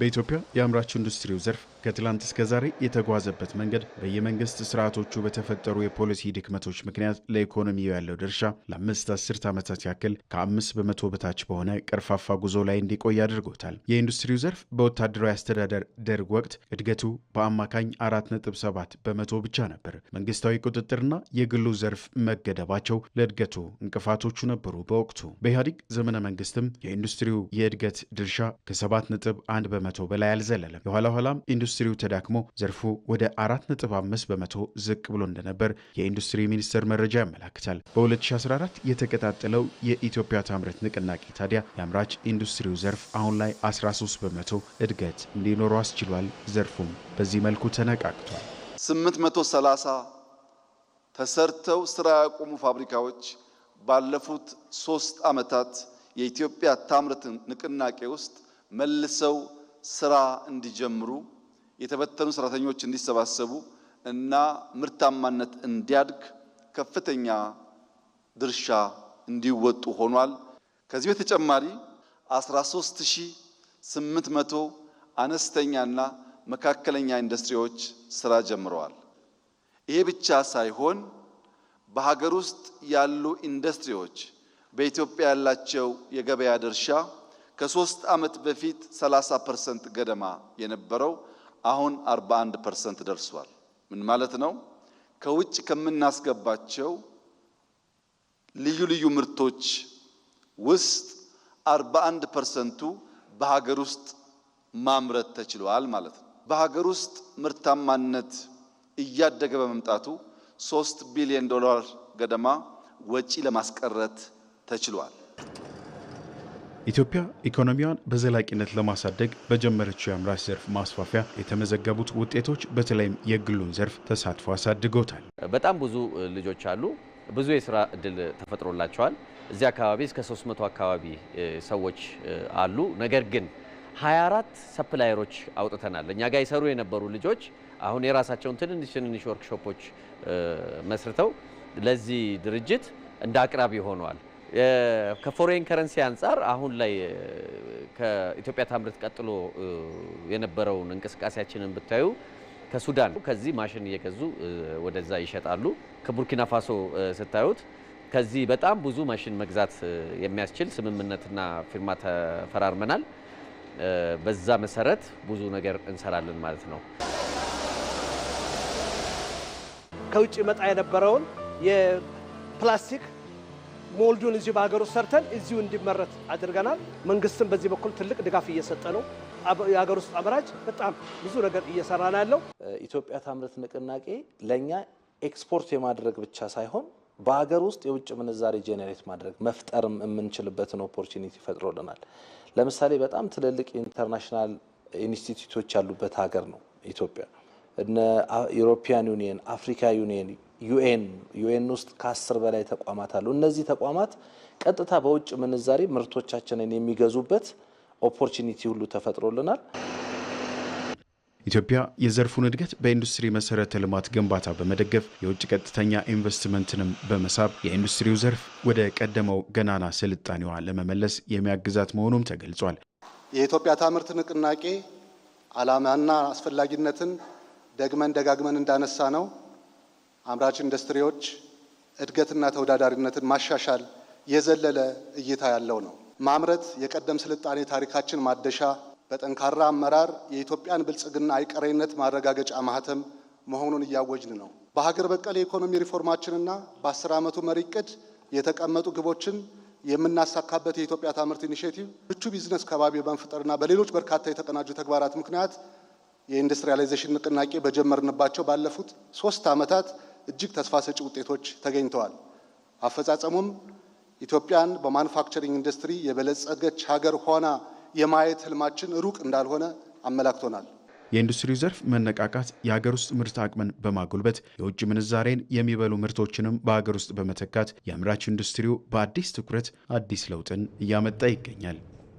በኢትዮጵያ የአምራች ኢንዱስትሪው ዘርፍ ከትላንት እስከ ዛሬ የተጓዘበት መንገድ በየመንግስት ስርዓቶቹ በተፈጠሩ የፖሊሲ ድክመቶች ምክንያት ለኢኮኖሚው ያለው ድርሻ ለአምስት አስርት ዓመታት ያክል ከአምስት በመቶ በታች በሆነ ቀርፋፋ ጉዞ ላይ እንዲቆይ አድርጎታል። የኢንዱስትሪው ዘርፍ በወታደራዊ አስተዳደር ደርግ ወቅት እድገቱ በአማካኝ አራት ነጥብ ሰባት በመቶ ብቻ ነበር። መንግስታዊ ቁጥጥርና የግሉ ዘርፍ መገደባቸው ለእድገቱ እንቅፋቶቹ ነበሩ። በወቅቱ በኢህአዴግ ዘመነ መንግስትም የኢንዱስትሪው የእድገት ድርሻ ከሰባት ነጥብ አንድ በመቶ በላይ አልዘለለም። የኋላ ኋላም ኢንዱስትሪው ተዳክሞ ዘርፉ ወደ 4.5 በመቶ ዝቅ ብሎ እንደነበር የኢንዱስትሪ ሚኒስቴር መረጃ ያመላክታል። በ2014 የተቀጣጠለው የኢትዮጵያ ታምረት ንቅናቄ ታዲያ የአምራች ኢንዱስትሪው ዘርፍ አሁን ላይ 13 በመቶ እድገት እንዲኖረው አስችሏል። ዘርፉም በዚህ መልኩ ተነቃቅቷል። 830 ተሰርተው ስራ ያቆሙ ፋብሪካዎች ባለፉት ሶስት ዓመታት የኢትዮጵያ ታምረት ንቅናቄ ውስጥ መልሰው ስራ እንዲጀምሩ፣ የተበተኑ ሰራተኞች እንዲሰባሰቡ እና ምርታማነት እንዲያድግ ከፍተኛ ድርሻ እንዲወጡ ሆኗል። ከዚህ በተጨማሪ 13800 አነስተኛና መካከለኛ ኢንዱስትሪዎች ስራ ጀምረዋል። ይሄ ብቻ ሳይሆን በሀገር ውስጥ ያሉ ኢንዱስትሪዎች በኢትዮጵያ ያላቸው የገበያ ድርሻ ከሶስት ዓመት በፊት 30 ፐርሰንት ገደማ የነበረው አሁን 41 ፐርሰንት ደርሷል። ምን ማለት ነው? ከውጭ ከምናስገባቸው ልዩ ልዩ ምርቶች ውስጥ 41 ፐርሰንቱ በሀገር ውስጥ ማምረት ተችሏል ማለት ነው። በሀገር ውስጥ ምርታማነት እያደገ በመምጣቱ 3 ቢሊዮን ዶላር ገደማ ወጪ ለማስቀረት ተችሏል። ኢትዮጵያ ኢኮኖሚዋን በዘላቂነት ለማሳደግ በጀመረችው የአምራች ዘርፍ ማስፋፊያ የተመዘገቡት ውጤቶች በተለይም የግሉን ዘርፍ ተሳትፎ አሳድገውታል። በጣም ብዙ ልጆች አሉ። ብዙ የስራ እድል ተፈጥሮላቸዋል። እዚህ አካባቢ እስከ 300 አካባቢ ሰዎች አሉ። ነገር ግን 24 ሰፕላየሮች አውጥተናል። እኛ ጋር ይሰሩ የነበሩ ልጆች አሁን የራሳቸውን ትንንሽ ትንንሽ ወርክሾፖች መስርተው ለዚህ ድርጅት እንደ አቅራቢ ሆነዋል። ከፎሬን ከረንሲ አንጻር አሁን ላይ ከኢትዮጵያ ታምርት ቀጥሎ የነበረውን እንቅስቃሴያችንን ብታዩ ከሱዳን ከዚህ ማሽን እየገዙ ወደዛ ይሸጣሉ። ከቡርኪና ፋሶ ስታዩት ከዚህ በጣም ብዙ ማሽን መግዛት የሚያስችል ስምምነትና ፊርማ ተፈራርመናል። በዛ መሰረት ብዙ ነገር እንሰራለን ማለት ነው። ከውጭ መጣ የነበረውን የፕላስቲክ ሞልዱን እዚሁ በሀገር ውስጥ ሰርተን እዚሁ እንዲመረት አድርገናል። መንግስትም በዚህ በኩል ትልቅ ድጋፍ እየሰጠ ነው። የሀገር ውስጥ አምራች በጣም ብዙ ነገር እየሰራ ነው ያለው። ኢትዮጵያ ታምረት ንቅናቄ ለእኛ ኤክስፖርት የማድረግ ብቻ ሳይሆን በሀገር ውስጥ የውጭ ምንዛሬ ጄኔሬት ማድረግ መፍጠርም የምንችልበትን ኦፖርቹኒቲ ፈጥሮልናል። ለምሳሌ በጣም ትልልቅ ኢንተርናሽናል ኢንስቲትዩቶች ያሉበት ሀገር ነው ኢትዮጵያ። እነ ዩሮፒያን ዩኒየን፣ አፍሪካ ዩኒየን ዩኤን ዩኤን ውስጥ ከአስር በላይ ተቋማት አሉ። እነዚህ ተቋማት ቀጥታ በውጭ ምንዛሬ ምርቶቻችንን የሚገዙበት ኦፖርቹኒቲ ሁሉ ተፈጥሮልናል። ኢትዮጵያ የዘርፉን እድገት በኢንዱስትሪ መሰረተ ልማት ግንባታ በመደገፍ የውጭ ቀጥተኛ ኢንቨስትመንትንም በመሳብ የኢንዱስትሪው ዘርፍ ወደ ቀደመው ገናና ስልጣኔዋ ለመመለስ የሚያግዛት መሆኑም ተገልጿል። የኢትዮጵያ ታምርት ንቅናቄ ዓላማና አስፈላጊነትን ደግመን ደጋግመን እንዳነሳ ነው አምራች ኢንዱስትሪዎች እድገትና ተወዳዳሪነትን ማሻሻል የዘለለ እይታ ያለው ነው። ማምረት የቀደም ስልጣኔ ታሪካችን ማደሻ፣ በጠንካራ አመራር የኢትዮጵያን ብልጽግና አይቀሬነት ማረጋገጫ ማህተም መሆኑን እያወጅን ነው። በሀገር በቀል የኢኮኖሚ ሪፎርማችንና በአስር ዓመቱ መሪ እቅድ የተቀመጡ ግቦችን የምናሳካበት የኢትዮጵያ ታምርት ኢኒሽቲቭ ምቹ ቢዝነስ ከባቢ በመፍጠርና በሌሎች በርካታ የተቀናጁ ተግባራት ምክንያት የኢንዱስትሪያላይዜሽን ንቅናቄ በጀመርንባቸው ባለፉት ሶስት ዓመታት እጅግ ተስፋ ሰጪ ውጤቶች ተገኝተዋል። አፈጻጸሙም ኢትዮጵያን በማኑፋክቸሪንግ ኢንዱስትሪ የበለጸገች ሀገር ሆና የማየት ህልማችን ሩቅ እንዳልሆነ አመላክቶናል። የኢንዱስትሪው ዘርፍ መነቃቃት የሀገር ውስጥ ምርት አቅምን በማጎልበት የውጭ ምንዛሬን የሚበሉ ምርቶችንም በሀገር ውስጥ በመተካት የአምራች ኢንዱስትሪው በአዲስ ትኩረት አዲስ ለውጥን እያመጣ ይገኛል።